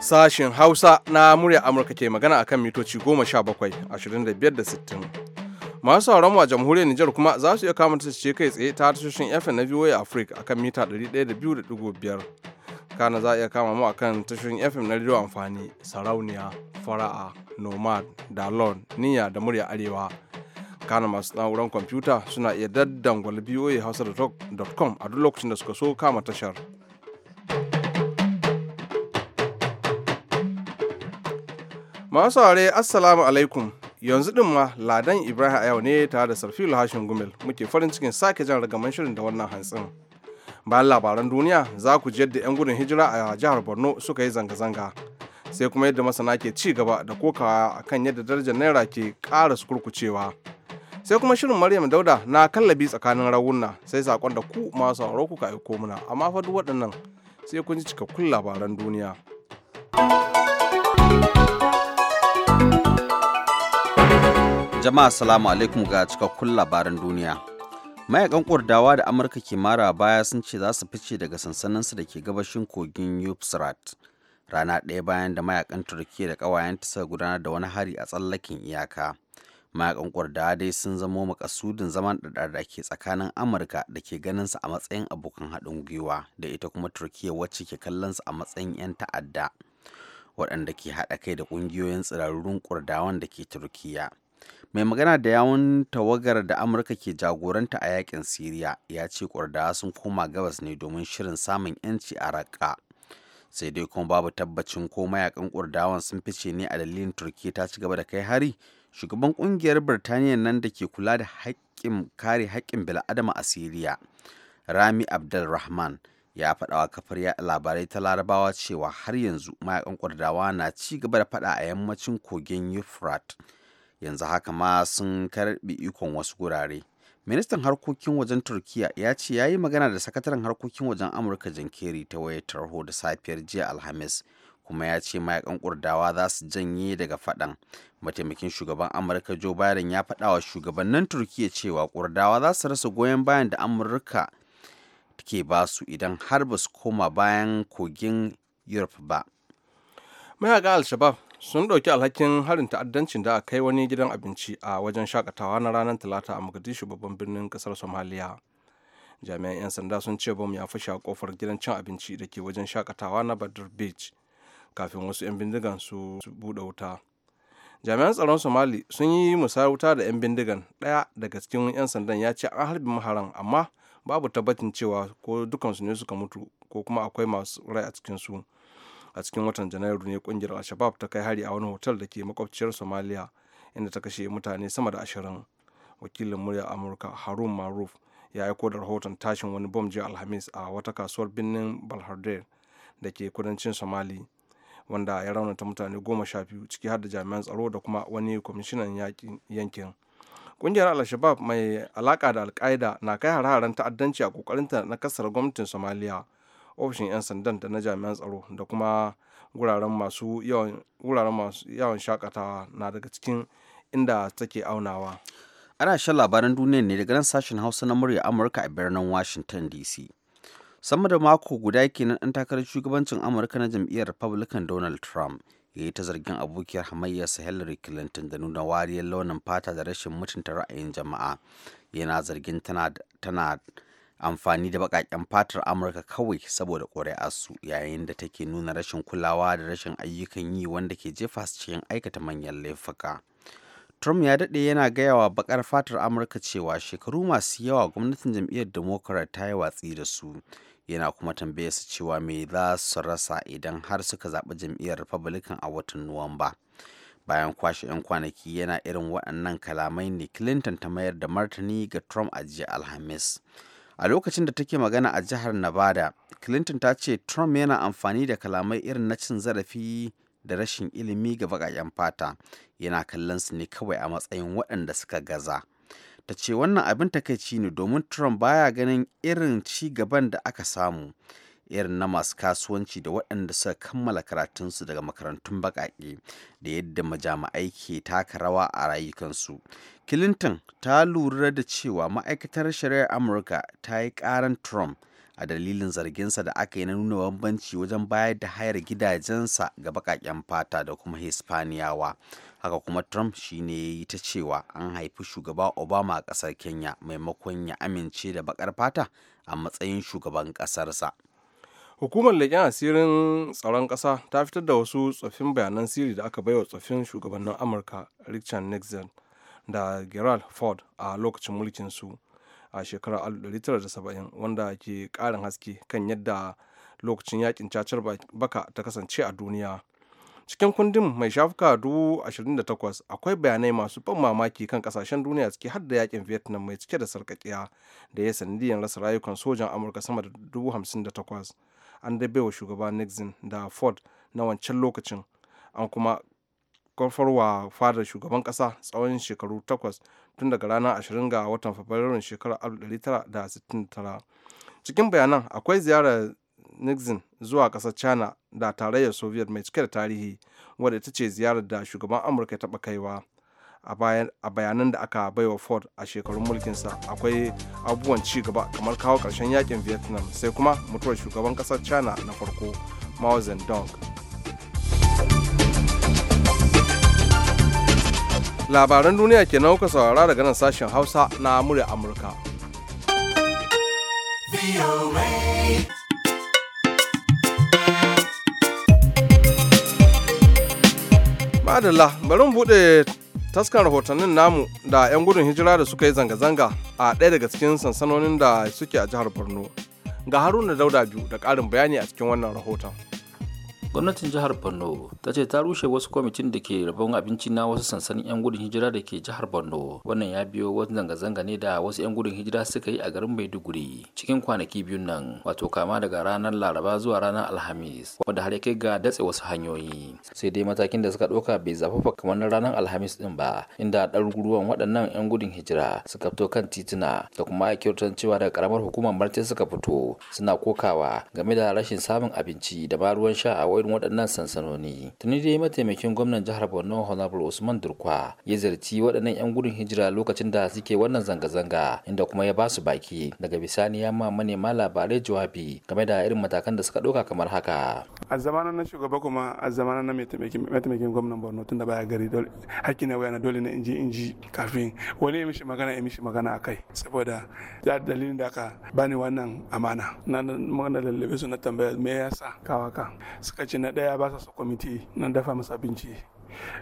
Sashen Hausa na murya Amurka ke magana akan mitoci 17, 25 da 60. Masu sauran wa jamhuriyar Nijar kuma za su iya kama ce kai tsaye ta tashoshin FM na VOA Africa akan mita 102.5. Kana za a iya kama mu akan tashoshin FM na rediyo amfani, sarauniya, fara'a, nomad, dalon, niyya da murya arewa. kana masu na'urar kwamfuta suna iya daddan daddangwal voa hausa.com a duk lokacin da suka so kama tashar masu ware assalamu alaikum yanzu din ma ladan ibrahim yau ne tare da sarfilu hashin gumel muke farin cikin sake jan ragaman shirin da wannan hantsin bayan labaran duniya za ku ji yadda 'yan gudun hijira a jihar borno suka yi zanga-zanga sai kuma yadda masana ke ci gaba da kokawa akan yadda darajar naira ke ƙara su kurkucewa sai kuma shirin maryam dauda na kallabi tsakanin rawuna sai sakon da ku masu sauraro kuka aiko muna amma fa duk waɗannan sai kun ji cikakkun labaran duniya jama'a assalamu alaikum ga cikakkun labaran duniya mayakan kurdawa da amurka ke mara baya sun ce za su fice daga sansaninsu da ke gabashin kogin euphrates rana ɗaya bayan da mayakan turkiya da ƙawayenta suka gudanar da wani hari a tsallakin iyaka mayakan kwarda dai sun zamo makasudin zaman ɗaɗar da ke tsakanin amurka da ke ganin su a matsayin abokan haɗin gwiwa da ita kuma turkiyya wacce ke kallon su a matsayin 'yan ta'adda waɗanda ke haɗa kai da ƙungiyoyin tsirarrun kurdawan da ke turkiyya. mai magana da yawun tawagar da amurka ke jagoranta a yakin siriya ya ce kwardawa sun koma gabas ne domin shirin samun 'yanci a raƙa sai dai kuma babu tabbacin ko mayakan kurdawan sun fice ne a dalilin turkiyya ta ci gaba da kai hari shugaban kungiyar birtaniya nan da ke kula da haƙƙin kare haƙƙin bil'adama a siriya rami abdulrahman ya faɗa wa kafar yaɗa labarai ta larabawa cewa har yanzu mayakan kwardawa na ci gaba da faɗa a yammacin kogin yufrat yanzu haka ma sun karɓi ikon wasu gurare ministan harkokin wajen turkiya ya ce ya yi magana da sakataren harkokin wajen amurka jan kerry ta wayar tarho da safiyar jiya alhamis kuma ya ce mayakan kurdawa za su janye daga faɗan mataimakin shugaban amurka joe biden ya faɗa wa shugabannin turkiya cewa kurdawa za su rasa goyon bayan da amurka ke ba su idan har ba su koma bayan kogin europe ba mayaka al-shabab sun ɗauki alhakin harin ta'addancin da kai wani gidan abinci a wajen shakatawa na ranar talata a mogadishu babban birnin kasar somaliya jami'an 'yan sanda sun ce bamu ya fashe a kofar gidan cin abinci da ke wajen shakatawa na badr beach kafin wasu 'yan bindigan su buɗe wuta jami'an tsaron somali sun yi musayar wuta da 'yan bindigan ɗaya daga cikin 'yan sandan ya ce an harbi maharan amma babu tabbacin cewa ko dukansu ne suka mutu ko kuma akwai masu rai a cikinsu a cikin watan janairu ne kungiyar al ta kai hari a wani hotel da ke makwabciyar somalia inda ta kashe mutane sama da ashirin wakilin murya amurka harun maruf ya aiko da rahoton tashin wani bom jiya alhamis a wata kasuwar birnin balharder da ke kudancin somali wanda ya raunata mutane goma sha biyu ciki har da jami'an tsaro da kuma wani kwamishinan yankin kungiyar al mai alaka da al na kai hare-haren ta'addanci a kokarinta na kasar gwamnatin somaliya ofishin 'yan sandan da na jami'an tsaro da kuma wuraren masu yawan shakatawa na daga cikin inda take aunawa ana shan labaran duniya ne daga nan sashen hausa na murya amurka a birnin washington dc sama da mako guda kenan an takarar shugabancin amurka na jam'iyyar republican donald trump ya yi ta zargin abokiyar hamayyarsa hillary clinton da nuna wariyar launin fata da rashin mutunta ra'ayin jama'a yana zargin tana, tana amfani da baƙaƙen fatar amurka kawai saboda ƙuri'arsu yayin da take nuna rashin kulawa da rashin ayyukan yi wanda ke jefa su cikin aikata manyan laifuka trump ya daɗe yana gaya wa bakar fatar amurka cewa shekaru masu yawa gwamnatin jam'iyyar democrat ta yi watsi da su yana kuma tambaye su cewa me za su rasa idan har suka zaɓi jam'iyyar republican a watan nuwamba bayan kwashe 'yan kwanaki yana irin waɗannan kalamai ne clinton ta mayar da martani ga trump a jiya alhamis a lokacin da take magana a jihar nevada clinton ta ce trump yana amfani da kalamai irin na cin zarafi da rashin ilimi ga baƙaƙen fata yana kallon su ne kawai a matsayin waɗanda suka gaza. ta ce wannan abin takaici ne domin Trump baya ganin irin ci gaban da aka samu irin na masu kasuwanci da waɗanda suka kammala karatunsu daga makarantun baƙaƙe da yadda majami'ai ke taka rawa a rayukansu. Clinton ta lura da cewa ma'aikatar shari'ar Amurka ta yi ƙaran Trump a dalilin zarginsa da aka yi na nuna bambanci wajen bayar da hayar gidajensa ga baƙaƙen fata da kuma Hispaniyawa. haka kuma trump shine ya yi ta cewa an haifi shugaba obama a kasar kenya maimakon ya amince da bakar fata a matsayin shugaban ƙasarsa hukumar leƙen asirin tsaron ƙasa ta fitar da wasu tsoffin bayanan sirri da aka baiwa tsoffin shugabannin amurka richard nixon da gerald ford a lokacin mulkin su a shekarar 1970 wanda ke ƙarin haske kan yadda lokacin yakin cacar baka ta kasance a duniya cikin kundin mai shafuka 28 akwai bayanai masu ban mamaki kan kasashen duniya ciki har da yakin vietnam mai cike da sarkakiya da ya sanadiyar rasa rayukan sojan amurka sama da 58 an dai wa shugaba nixon da ford na wancan lokacin an kuma wa fadar shugaban kasa tsawon shekaru takwas tun daga ranar 20 ga watan fabrairun shekarar 1969 cikin bayanan akwai ziyarar nixon zuwa kasar china da tarayyar soviet mai cike da tarihi wadda ita ce ziyarar da shugaban amurka ya taba kaiwa a bayanan da aka baiwa ford a shekarun mulkinsa akwai abubuwan ci gaba kamar kawo ƙarshen yakin vietnam sai kuma mutuwar shugaban kasar china na farko mao zedong labaran duniya ke nan kuka saurara daga nan sashen hausa na murya amurka adalla bari mu buɗe taskan rahotannin namu da 'yan gudun hijira da suka yi zanga-zanga a ɗaya daga cikin sansanonin da suke a jihar borno ga haruna dauda biyu da ƙarin bayani a cikin wannan rahoton gwamnatin jihar borno ta ce ta rushe wasu kwamitin da ke rabon abinci na wasu sansanin 'yan gudun hijira da ke jihar borno wannan ya biyo wasu zanga-zanga ne da wasu 'yan gudun hijira suka yi a garin maiduguri cikin kwanaki biyun nan wato kama daga ranar laraba zuwa ranar alhamis wanda har ya kai ga datse wasu hanyoyi sai dai matakin da suka ɗauka bai zafafa kamar na ranar alhamis din ba inda ɗaruruwan waɗannan 'yan gudun hijira suka fito kan tituna da kuma kyautar cewa daga ƙaramar hukumar martin suka fito suna kokawa game da rashin samun abinci da ma ruwan sha a wayar irin waɗannan sansanoni tuni dai mataimakin gwamnan jihar borno honorable usman durkwa ya zarci waɗannan 'yan gudun hijira lokacin da suke wannan zanga-zanga inda kuma ya ba su baki daga bisani ya ma manema labarai jawabi game da irin matakan da suka ɗauka kamar haka a zamanin na shugaba kuma a zamanin na mataimakin gwamnan borno tun da baya gari hakki na wayana dole na inji inji kafin wani ya mishi magana ya mishi magana a kai saboda ya dalilin da aka bani wannan amana na magana lallabe su na tambaya me yasa kawaka suka ce na ɗaya ba sa kwamiti na dafa masu abinci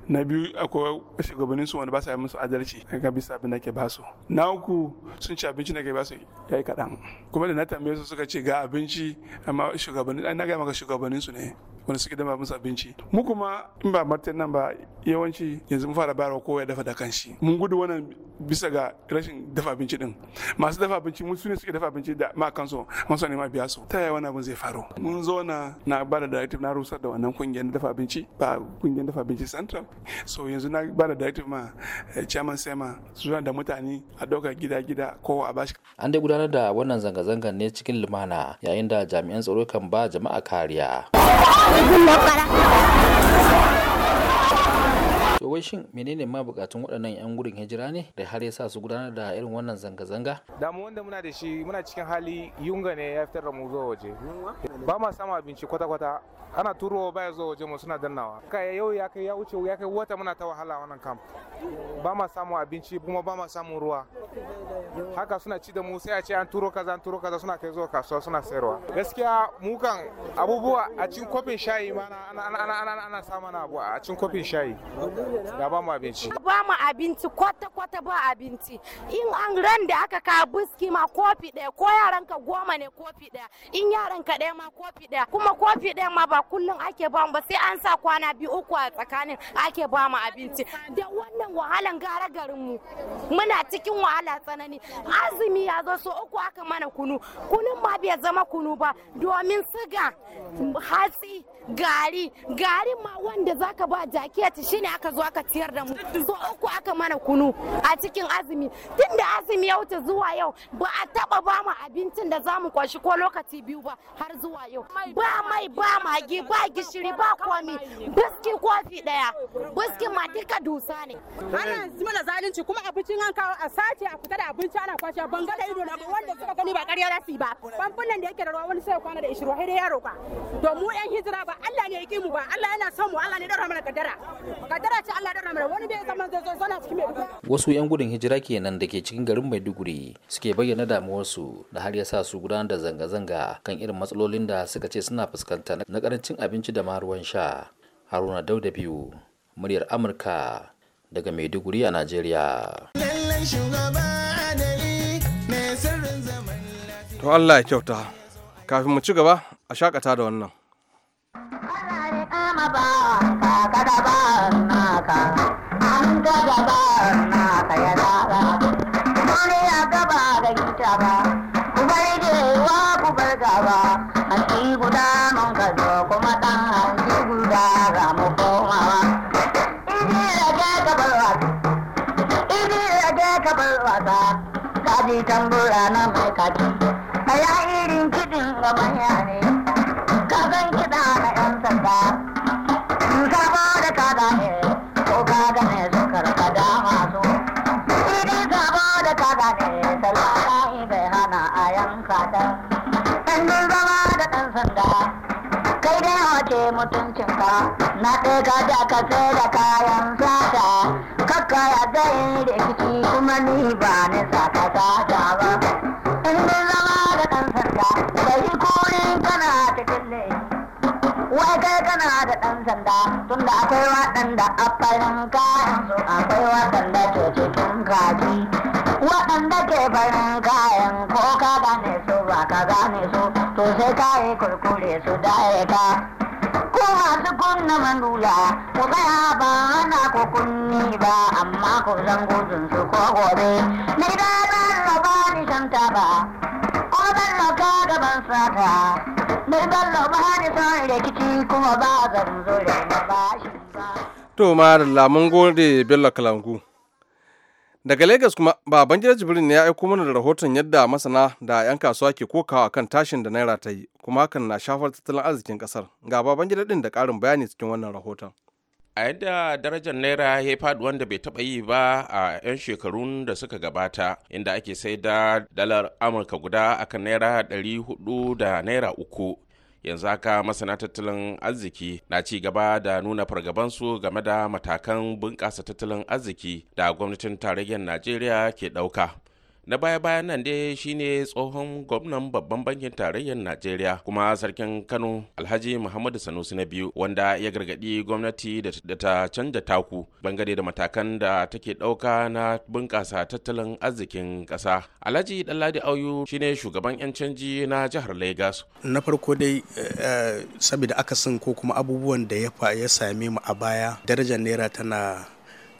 na biyu akwai shugabannin su wanda ba sa yi musu adalci ga bisa abin da ke ba su na uku sun ci abinci da ke ba su yayi kaɗan kuma da na tambaye su suka ce ga abinci amma shugabannin na gaya maka shugabannin su ne Wani suke dama musu abinci mu kuma in ba martin nan ba yawanci yanzu mun fara bayarwa kowa ya dafa da kanshi mun gudu wannan bisa ga rashin dafa abinci din masu dafa abinci mun su ne suke dafa abinci da ma kansu masu sani ma biya su ta yaya wannan abin zai faru mun zo na na ba da directive na rusar da wannan kungiyar dafa abinci ba kungiyar dafa abinci central so yanzu na ba da directive ma eh, chairman sema su da mutane a ɗaukar gida-gida ko a bashi an dai gudanar da wannan zanga-zangar ne cikin lumana yayin da jami'an tsaro kan ba jama'a kariya to wai shin menene ma bukatun waɗannan 'yan gudun hijira ne da har yasa su gudanar da irin wannan zanga-zanga damu wanda muna da shi muna cikin hali yunga ne ya fitar da mu zuwa waje ba ma samu abinci kwata-kwata ana turo ba ya zuwa waje mu suna dannawa kai yau ya kai ya wuce ya kai wata muna ta wahala wannan kam ba ma samu abinci kuma ba ma samu ruwa haka suna ci da mu sai a ce an turo kaza an turo kaza suna kai zuwa kasuwa suna sayarwa gaskiya mu kan abubuwa a cikin kofin shayi ma ana ana ana ana samu abu a cikin kofin shayi da ba mu abinci ba mu abinci kwata kwata ba abinci in an ran da aka ka biski ma kofi ɗaya ko yaran ka goma ne kofi ɗaya in yaran ka ɗaya ma kofi ɗaya kuma kofi ɗaya ma ba kullum ake ba mu ba sai an sa kwana biyu uku a tsakanin ake ba mu abinci da wannan wahalan gara garin mu muna cikin wahala tsanani azumi ya zo so uku aka mana kunu kunun ma bai zama kunu ba domin siga hatsi gari gari ma wanda zaka ba jaketi shine aka zo aka ciyar da mu so uku aka mana kunu a cikin azumi tun da azumi ya wuce zuwa yau ba a taba ba mu abincin da zamu kwashi ko lokaci biyu ba har zuwa yau ba mai ba magi ba gishiri ba komi biski kofi daya biski ma duka dusa ne ana mana zalunci kuma abincin an kawo a sace a fita da abinci ana kwashi ban ga da ido na wanda suka gani ba ƙarya rafi ba famfunan da yake da ruwa wani sai kwana da ishiru sai dai yaro ka to mu yan hijira ba Allah ne ya mu ba Allah yana son mu Allah ne ya dora mana kadara kadara ce wasu yan gudun hijira kenan da ke cikin garin Maiduguri suke bayyana damuwarsu da har ya sa su gudanar da zanga-zanga kan irin matsalolin da suka ce suna fuskanta na karancin abinci da maruwan sha Haruna Dauda biyu muryar Amurka daga Maiduguri a Najeriya to Allah ya kyauta kafin mu ci gaba a shakata da wannan da da na a yanka ta ɗan zama da ɗan sanda kai dai wace ka? na ɗaya ka da ka sai da kayan sata kakka ya zai rikici kuma ni ba ni sata ta ba ɗan zama da ɗan sanda kai yi kurin kana cikin ne wai kai kana da ɗan sanda tunda akwai waɗanda a farin kayan su akwai waɗanda ke cikin kaji waɗanda ke farin kayan sai ka kurkure su daye ka ko masu kunna manula ku tsaya ba na ku kunni ba amma ko zan gudun su ko gobe na da ban ba ni shanta ba ko ban raka gaban sata na ban raba ni son rikici kuma ba zan zo da ba shi ba. To ma lamun gode Bello Kalangu. daga lagos kuma baban gida jibrin ya aiko mana da rahoton yadda masana da 'yan kasuwa ke kokawa kan tashin da naira ta yi kuma hakan na shafar tattalin arzikin kasar ga baban gida din da karin bayani cikin wannan rahoton a yadda darajar naira ya faɗi wanda bai taɓa yi ba a 'yan shekarun da suka gabata inda ake sai da dalar amurka guda akan naira 400 da naira uku yanzu haka masana tattalin arziki na ci gaba da nuna fargabansu game da matakan bunƙasa tattalin arziki da gwamnatin tarayyar najeriya ke ɗauka na baya bayan nan dai shine tsohon gwamnan babban bankin tarayyar najeriya kuma sarkin kano alhaji muhammadu sanusi na biyu wanda ya gargadi gwamnati da ta canja taku bangare da matakan da take ɗauka na bunƙasa tattalin arzikin ƙasa alhaji dalladi auyu shine shugaban 'yan canji na jihar lagos na farko dai eh, eh, saboda akasin ko kuma abubuwan da ya same mu a baya darajar naira tana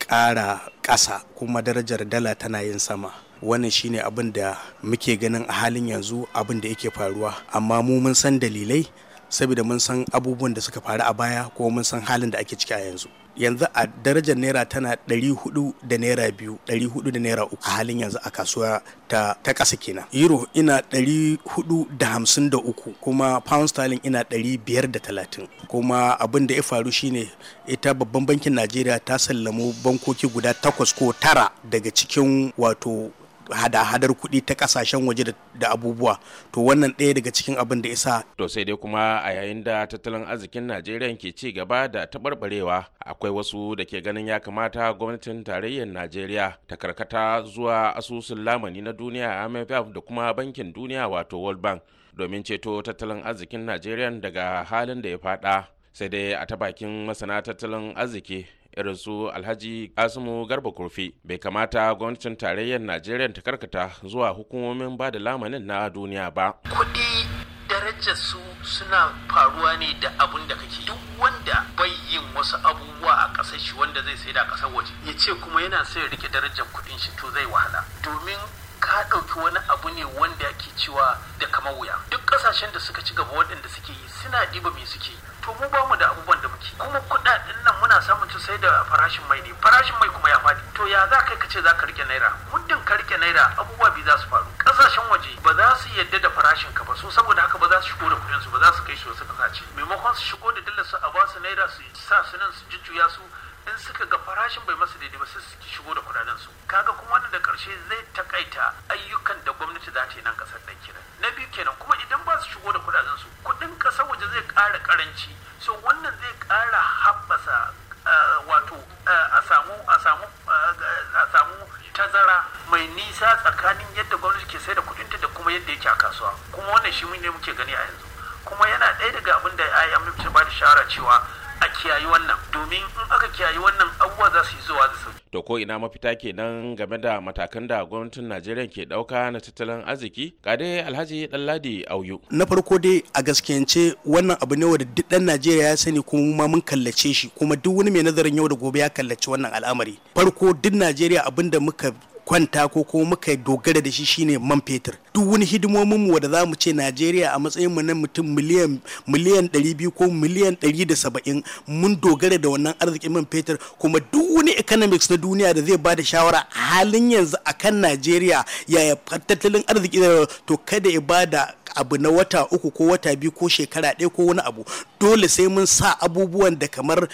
ƙara ƙasa kuma darajar dala tana yin sama wannan shine abin da muke ganin a halin yanzu abin da yake faruwa amma mu mun san dalilai saboda mun san abubuwan da suka faru a baya ko mun san halin da ake ciki a yanzu yanzu a darajar naira tana 400 da naira biyu 400 da naira uku a halin yanzu a kasuwa ta ta ƙasa kenan euro ina 453 kuma pound sterling ina talatin kuma abin da ya faru shine ita babban bankin najeriya ta sallamo bankoki guda takwas ko tara daga cikin wato hada-hadar kuɗi ta kasashen waje da abubuwa to wannan ɗaya daga cikin abin da isa to sai dai kuma a yayin da tattalin arzikin najeriya ke ci gaba da taɓarɓarewa akwai wasu da ke ganin ya kamata gwamnatin tarayyar najeriya ta karkata zuwa asusun lamani na duniya imf da kuma bankin duniya wato world bank domin ceto tattalin arzikin najeriya daga halin da ya fada sai dai a ta bakin masana tattalin arziki irin su alhaji kasimu garba kurfi bai kamata gwamnatin tarayyar najeriya ta karkata zuwa hukumomin ba da lamanin na duniya ba kuɗi darajar su suna faruwa ne da abun da kake duk wanda bai yin wasu abubuwa a ƙasar shi wanda zai sai da ƙasar waje ya ce kuma yana son ya rike darajar kuɗin shi to zai wahala domin ka ɗauki wani abu ne wanda ke cewa da kamar wuya duk ƙasashen da suka ci gaba waɗanda suke yi suna diba me suke yi to mu ba mu da abubuwan da muke kuma kuɗaɗen nan muna samun su sai da farashin mai ne farashin mai kuma ya fadi to ya za kai ka ce za ka rike naira muddin ka rike naira abubuwa biyu za su faru kasashen waje ba za su yadda da farashin ka ba so saboda haka ba za su shigo da kuɗin su ba za su kai su wasu ƙasashe maimakon su shigo da dillar su a ba su naira su sa su nan su jujjuya su in suka ga farashin bai masu daidai ba sai su shigo da kudaden su kaga kuma wannan da karshe zai takaita ayyukan da gwamnati za ta yi nan kasar da kenan na biyu kenan kuma idan ba su shigo da kudaden su kudin kasar waje zai ƙara karanci so wannan zai ƙara haɓasa eh, wato eh, a samu a samu eh, a samu tazara mai nisa tsakanin yadda gwamnati ke sai da ta da kuma yadda yake a kasuwa kuma wannan shi ne muke gani a yanzu kuma yana ɗaya daga abin da yi ta ba da shawara cewa kiyayi wannan domin in aka kiyayi wannan abubuwa za su yi zuwa da sauki. To ko ina mafita ke nan game da matakan da gwamnatin Najeriya ke dauka na tattalin arziki? Ga dai Alhaji danladi Auyu. Na farko dai a gaskiyance wannan abu ne wanda duk dan Najeriya ya sani kuma ma mun kallace shi kuma duk wani mai nazarin yau da gobe ya kallaci wannan al'amari. Farko duk Najeriya abinda muka kwanta ko kuma muka dogara da shi shine man fetur duk wani hidimomin mu da zamu ce Najeriya a matsayin mu na mutum miliyan miliyan 200 ko miliyan 170 mun dogara da wannan arzikin man fetur kuma duk wani economics na duniya da zai bada shawara halin yanzu akan Najeriya yaya tattalin arziki to kada ya bada abu na wata uku ko wata biyu ko shekara ɗaya ko wani abu dole sai mun sa abubuwan da kamar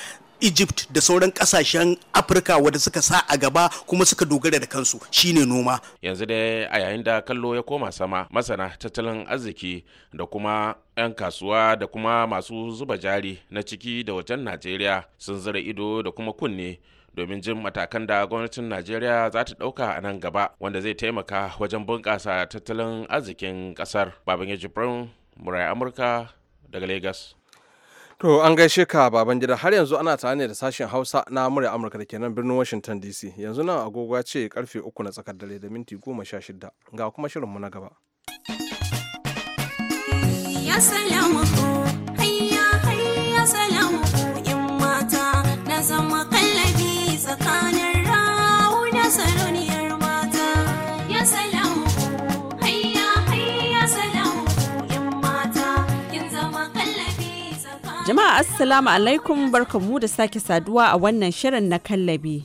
egypt da sauran kasashen afirka wadda suka sa a gaba kuma suka dogara da kansu shine noma yanzu dai a yayin da kallo ya koma sama masana tattalin arziki da kuma 'yan kasuwa da kuma masu zuba jari na ciki da wajen najeriya sun zira ido da kuma kunne domin jin matakan da gwamnatin najeriya za ta dauka a nan gaba wanda zai taimaka wajen bunƙasa tattalin arzikin ƙasar baban ya murai amurka daga lagos To an gaishe ka baban gida har yanzu ana tare ne da sashen Hausa na murya Amurka da kenan birnin Washington DC. Yanzu nan agogo ce karfe uku na tsakar dare da minti goma sha shida. Ga kuma shirinmu na gaba. Ya salamu assalamu alaikum barkamu da sake saduwa a wannan shirin na kallabi.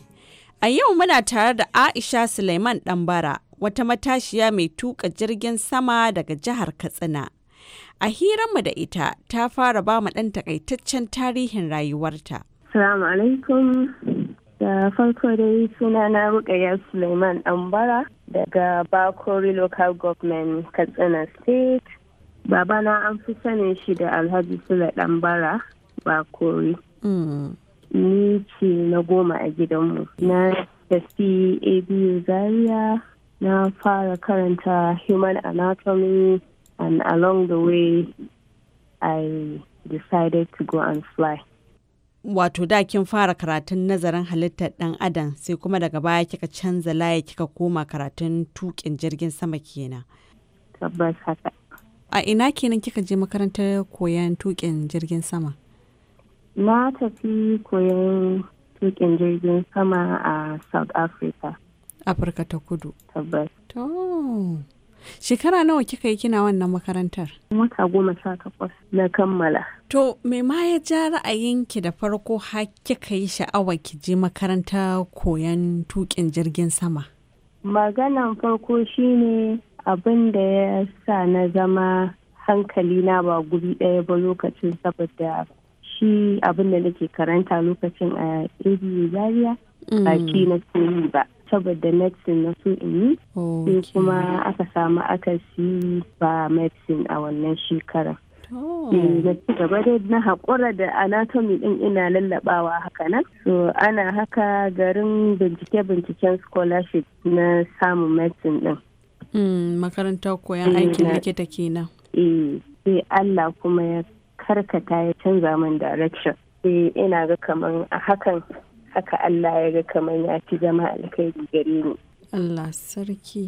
A yau muna tare da Aisha Suleiman Ɗanbara wata matashiya mai tuka jirgin sama daga jihar Katsina. A hiranmu da ita ta fara ba mu ɗan takaitaccen tarihin rayuwarta. Salamu alaikum. Da farko dai suna na Rukaya Suleiman Ɗanbara daga Bakori Local Government Katsina State. Babana an fi sanin shi da Alhaji Sule Ɗanbara ba kori ni ce na goma a gidanmu na tafi abu zaria na fara karanta human anatomy and along the way i decided to go and fly wato da kin fara karatun nazarin halittar ɗan adam sai kuma daga baya kika canza layi kika koma karatun tukin jirgin sama kenan tabbas haka a ina kenan kika je makarantar koyon tukin jirgin sama na tafi koyon tukin jirgin sama a south africa afirka ta kudu tabbas shekara nawa kika yi kina wannan makarantar wata goma sha takwas na kammala to me ma ya ja ra'ayinki da farko har kika yi sha'awa ki je makaranta koyon tukin jirgin sama maganan farko shine abin da ya sa na zama hankali na ba guri ɗaya ba lokacin saboda shi abin da nake karanta lokacin a ABU Zaria mm. ba ki na yi ba. saboda medicine na so in yi sai kuma aka samu aka si ba medicine a wannan shekarar. Oh. Eh, na ci gaba da na haƙura da anatomy ɗin ina lallabawa haka nan so ana haka garin bincike-binciken scholarship na samun medicine ɗin mm, makarantar koyon aikin eh, likita kenan eh sai Allah kuma ya karkata ya canza min direction sai eh, ina ga kaman a hakan haka Allah ya ga kaman ya ci zama alkhairi gare ni Allah sarki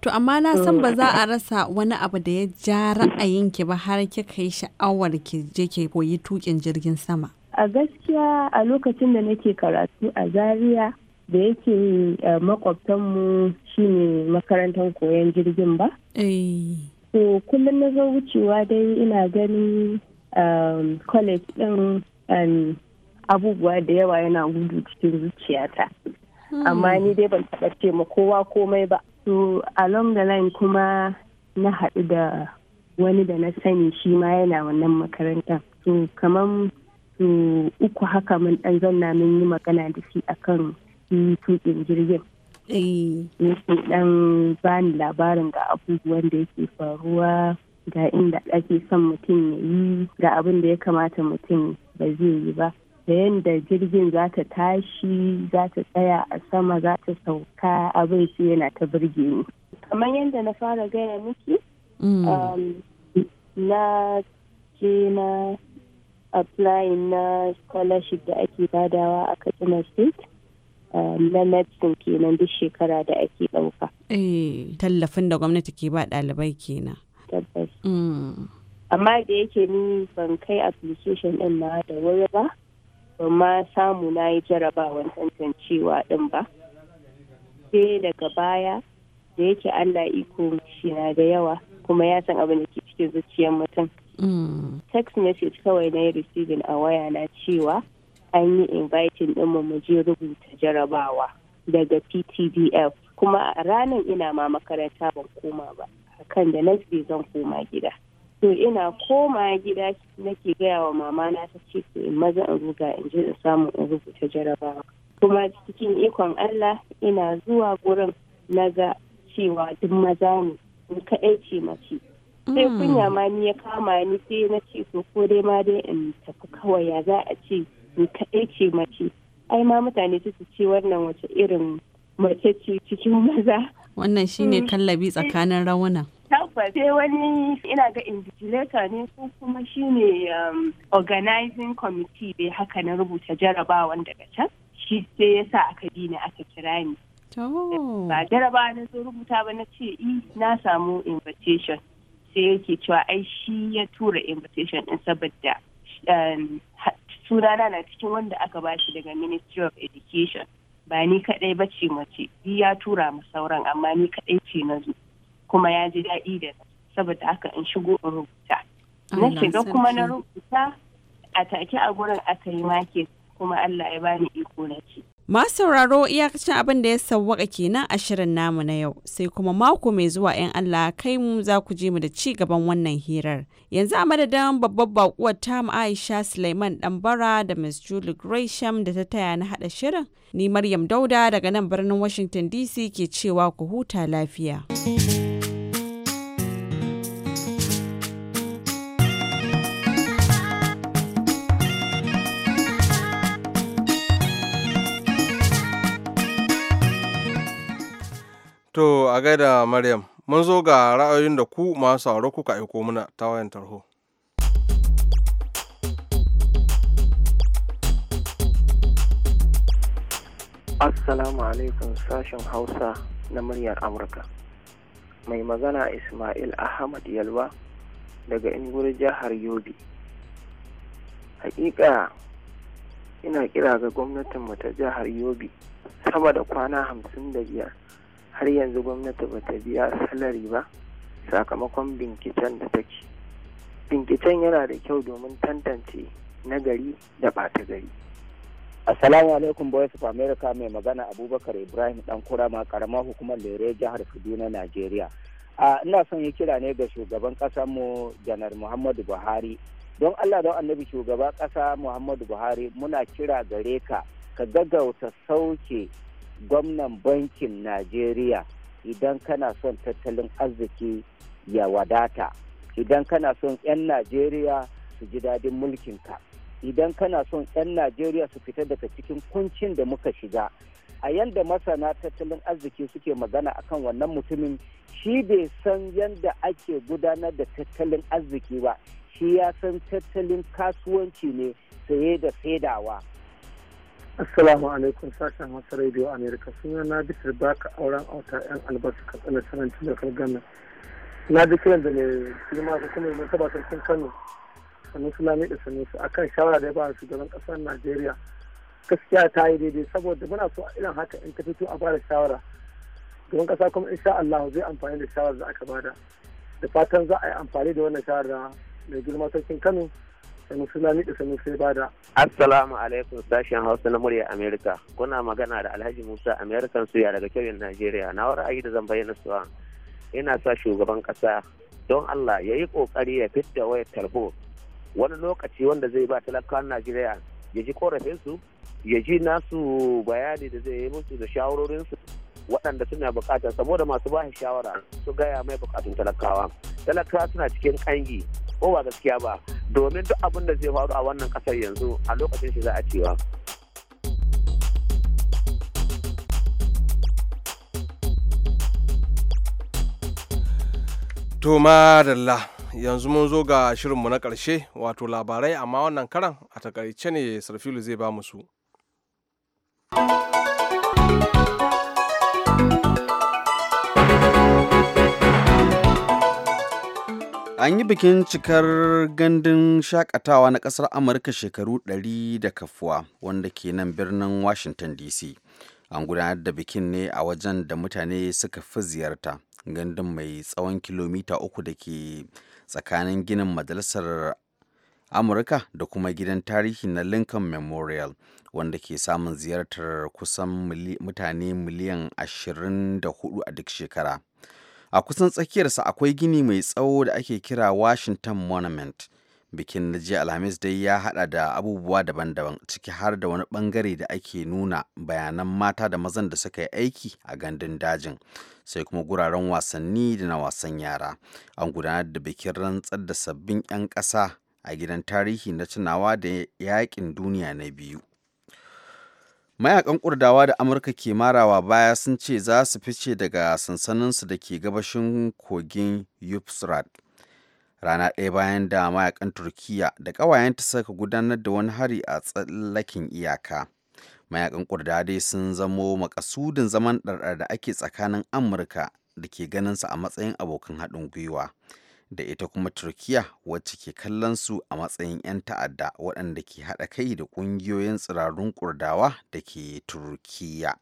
to amma na san mm. ba za a rasa wani abu da ya ja ra'ayin ki ba har kika yi sha'awar ki je ki koyi tukin jirgin sama a gaskiya a lokacin da nake karatu a zaria da yake eh, mu shine makarantar koyon jirgin ba. Eh. to kullum na zo wucewa dai ina ganin Um, college din um, abubuwa da yawa yana gudu cikin zuciyata hmm. amma ni dai ban taɓa ce ma kowa komai ba so along the line kuma na haɗu da wani da na sani shi ma yana wannan makaranta so kamar su uku haka mun ɗan zanna mun yi magana da shi akan tuƙin jirgin eh. yake ɗan bani labarin ga abubuwan da yake faruwa ga inda ake son mutum ya yi ga abin da ya kamata mutum ba zai yi ba da yadda jirgin za ta tashi za ta tsaya a sama za ta sauka abin su yana ta birge ni kamar yadda na fara gaya miki mm. um, na je na applying na scholarship da ake badawa a katsina state um, na medicine kenan duk shekara da ake ɗauka. Eh, tallafin da gwamnati ke ba ɗalibai kenan. amma da yake ni ban kai application din na da wuri ba ban ma samu na yi jarabawan tantancewa din ba sai daga baya da yake allah iko shi na da yawa kuma ya san abin da ke cikin zuciyar mutum text message kawai na yi receiving a waya na cewa an yi inviting din mu je rubuta jarabawa daga ptdf kuma a ranar ina ma makaranta ban koma ba kan da nake zan koma gida to ina koma gida nake gaya wa mama na ta ce ko in maza in ruga in je in samu in rubuta jarabawa kuma cikin ikon Allah ina zuwa gurin na ga cewa duk maza ne in kaɗai ce mace sai hmm. kunya ma ni ya kama ni sai na ce to ko dai ma dai in tafi kawai ya za a ce in kaɗai ce mace ai ma mutane su ce wannan wace irin mace ce cikin maza Wannan shine hmm. kallabi tsakanin rawuna. tabbas sai wani ina ga invigilator ne ko kuma shine um, organizing committee bai haka na rubuta jarabawan daga can shi sai ya sa aka bi ni aka kira ni ba jaraba na zo rubuta ba na ce i na samu invitation sai yake cewa ai shi ya tura invitation din saboda um, sunana na cikin wanda aka bashi daga ministry of education ba ni kaɗai ba ce mace ya tura mu sauran amma ni kaɗai ce na zo kuma ya ji daɗi da saboda haka in shigo in rubuta na shiga kuma na rubuta a take a gurin aka yi make kuma Allah ya bani iko na ce Masu sauraro iyakacin abin da ya sawwaka kenan a shirin namu na yau sai kuma mako mai zuwa 'yan Allah kai mu za ku ji mu da ci gaban wannan hirar. Yanzu a madadin babbar bakuwar tam Aisha Suleiman Dambara da ms Julie Gresham da ta taya na hada shirin. Ni Maryam Dauda daga nan birnin Washington DC ke cewa ku huta lafiya. To a gaida Maryam, mun zo ga ra'ayoyin da ku masu sauro kuka aiko mana ta wayan tarho. Assalamu alaikum sashen Hausa na muryar Amurka. Mai magana Ismail Ahmad Yalwa daga Ingur jihar Yobe. Hakika ina kira ga gwamnatinmu ta jihar Yobe sama da kwana hamsin da biyar har yanzu gwamnati ba ta biya salari ba sakamakon binkitan da take binkitan yana da kyau domin tantance nagari da ɓata gari Assalamu alaikum boys of America mai magana Abubakar Ibrahim dan kurama karamar hukumar Lere jihar Kaduna Najeriya. A ina son yi kira ne ga shugaban kasar mu Janar Muhammadu Buhari. Don Allah don Annabi shugaba kasa Muhammadu Buhari muna kira gare ka ka gaggauta sauke gwamnan bankin najeriya idan kana son tattalin arziki ya wadata idan kana son 'yan najeriya su ji daɗin mulkinka idan kana son 'yan najeriya su fita daga cikin kuncin da muka shiga a yanda masana tattalin arziki suke magana akan wannan mutumin shi bai san yanda ake gudanar da tattalin arziki ba shi ya san tattalin kasuwanci ne saye da saidawa Assalamu alaikum sashen Hausa Radio America suna na Bitir Baka auren auta 'yan albasa katsina sanar tilakar Ghana. Na ji kiran da mai girma ko kuma mai taba sarkin Kano sannan su lami da sannan su akan shawara da ya ba su gaban ƙasar Najeriya. Gaskiya ta yi daidai saboda muna so irin haka in ta fito a bada shawara. Gaban ƙasa kuma insha Allah zai amfani da shawarar da aka bada. Da fatan za a yi amfani da wannan shawara mai girma sarkin Kano sanusi lamidi da. bada assalamu alaikum sashen hausa na murya amerika kuna magana da alhaji musa amerikan suya daga kyauyin najeriya na ra'ayi da zan bayyana suwa ina sa shugaban kasa don allah ya yi kokari ya fidda wayar tarho wani lokaci wanda zai ba talakawan najeriya ya ji korafinsu ya ji nasu bayani da zai yi musu da su waɗanda suna bukata saboda masu bashi shawara su gaya mai bukatun talakawa talakawa suna cikin kangi ko ba gaskiya ba domin duk abin da zai faru a wannan kasar yanzu a lokacin shi za a cewa to madalla yanzu mun zo ga shirinmu na ƙarshe wato labarai amma wannan karan a takaice ne sarfilu zai ba mu su. An yi bikin cikar gandun shakatawa na ƙasar Amurka shekaru 100 da kafuwa wanda ke nan birnin Washington DC. An gudanar da bikin ne a wajen da mutane suka fi ziyarta. Gandun mai tsawon kilomita uku da ke tsakanin ginin majalisar Amurka da kuma gidan tarihi na Lincoln Memorial wanda ke samun ziyartar kusan mutane miliyan 24 a duk shekara. a kusan tsakiyarsa akwai gini mai tsawo da ake kira washington monument bikin na jiya alhamis dai ya hada da abubuwa daban-daban ciki har da wani bangare da ake nuna bayanan mata da mazan da suka yi aiki a gandun dajin sai kuma guraren wasanni da na wasan yara an gudanar da bikin rantsar da sabbin 'yan ƙasa a gidan tarihi na tunawa da yakin duniya na biyu mayakan kurdawa da amurka ke marawa baya sun ce za su fice daga sansaninsu da ke gabashin kogin yupsrat rana ɗaya bayan da mayakan turkiya da ƙawayenta saka gudanar da wani hari a tsallakin iyaka mayakan kurdawa dai sun zamo makasudin zaman ɗarɗar da ake tsakanin amurka da ke ganinsa a matsayin abokan haɗin gwiwa da ita kuma turkiya wacce ke kallon su a matsayin 'yan ta'adda waɗanda ke haɗa kai da ƙungiyoyin tsirarun kurdawa da ke turkiya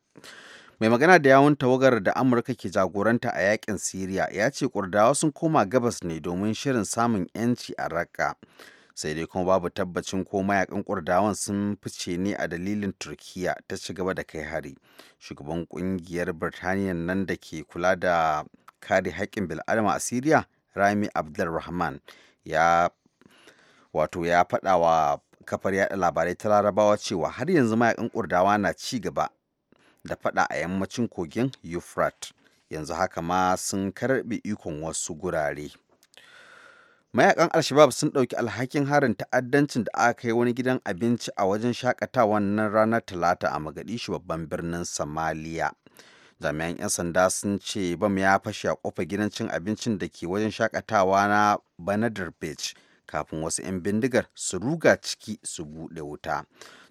mai magana da yawun tawagar da amurka ke jagoranta a yakin siriya ya ce kurdawa sun koma gabas ne domin shirin samun 'yanci a raƙa sai dai kuma babu tabbacin ko mayakan kurdawan sun fice ne a dalilin turkiya ta ci gaba da kai hari shugaban kungiyar birtaniya nan da ke kula da kare haƙƙin bil'adama a siriya Rami Abdulrahman ya wato ya faɗa wa kafar yaɗa labarai ta larabawa cewa har yanzu mayakan kurdawa na ci gaba da faɗa a yammacin kogin Euphrat yanzu haka ma sun karɓe ikon wasu gurare mayakan alshabab sun ɗauki alhakin harin ta'addancin da aka yi wani gidan abinci a wajen shakatawa nan ranar talata a magadishu babban birnin samaliya jami'an 'yan sanda sun ce bam ya fashe a kofa gidan cin abincin da ke wajen shakatawa na banadar beach kafin wasu 'yan bindigar su ruga ciki su buɗe wuta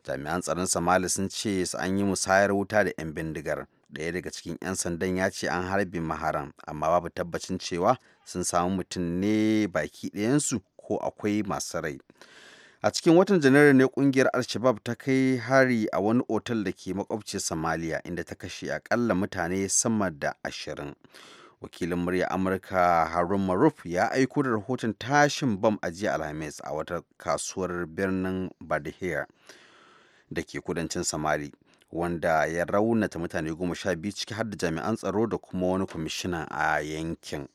jami'an tsaron somali sun ce su an yi musayar wuta da 'yan bindigar ɗaya daga cikin 'yan sandan ya ce an harbe maharan amma babu tabbacin cewa sun samu mutum ne baki ɗayansu ko akwai masu rai a cikin watan janairu ne kungiyar al ta kai hari a wani otal da ke makwabcin somalia inda ta kashe akalla mutane sama da ashirin wakilin murya amurka harun maruf ya aiko da rahoton tashin bam a jiya alhamis a wata kasuwar birnin badihir da ke kudancin samari wanda ya raunata mutane goma sha biyu ciki har da jami'an tsaro da kuma wani kwamishina a yankin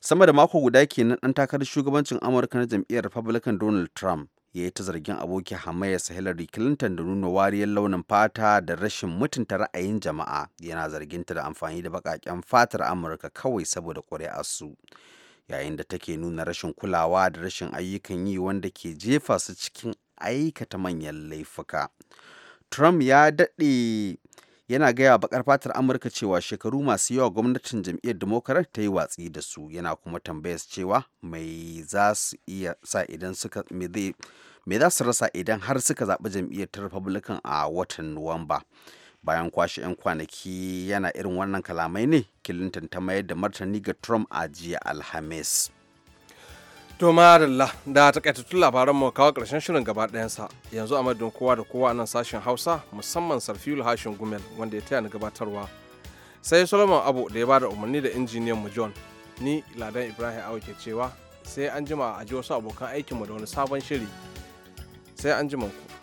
sama da mako guda kenan an takarar shugabancin amurka na jam'iyyar republican donald trump ya yi ta zargin aboki hamayyarsa Hillary Clinton da nuna wariyar launin fata da rashin mutunta ra'ayin jama'a yana zarginta da amfani da baƙaƙen fatar Amurka kawai saboda su Yayin da take nuna rashin kulawa da rashin ayyukan yi wanda ke jefa su cikin aikata manyan laifuka. Trump ya daɗe yana gaya wa bakar fatar amurka cewa shekaru masu yawa gwamnatin jam'iyyar democrat ta yi watsi da su yana kuma tambayar cewa mai za su sa idan suka rasa idan har suka zaɓi jam'iyyar ta republican a watan nuwamba bayan kwashe 'yan kwanaki yana irin wannan kalamai ne clinton ta mayar da martani ga trump a jiya alhamis To madalla da takaitattun labaran mu kawo karshen shirin gaba sa yanzu a madadin kowa da kowa nan sashen Hausa musamman Sarfiul Hashin Gumel wanda ya taya ni gabatarwa. Sai Solomon Abu da ya ba da umarni da injiniyan mu John ni Ladan Ibrahim Awo ke cewa sai an jima a ji wasu abokan aikin mu da wani sabon shiri sai an jima ku.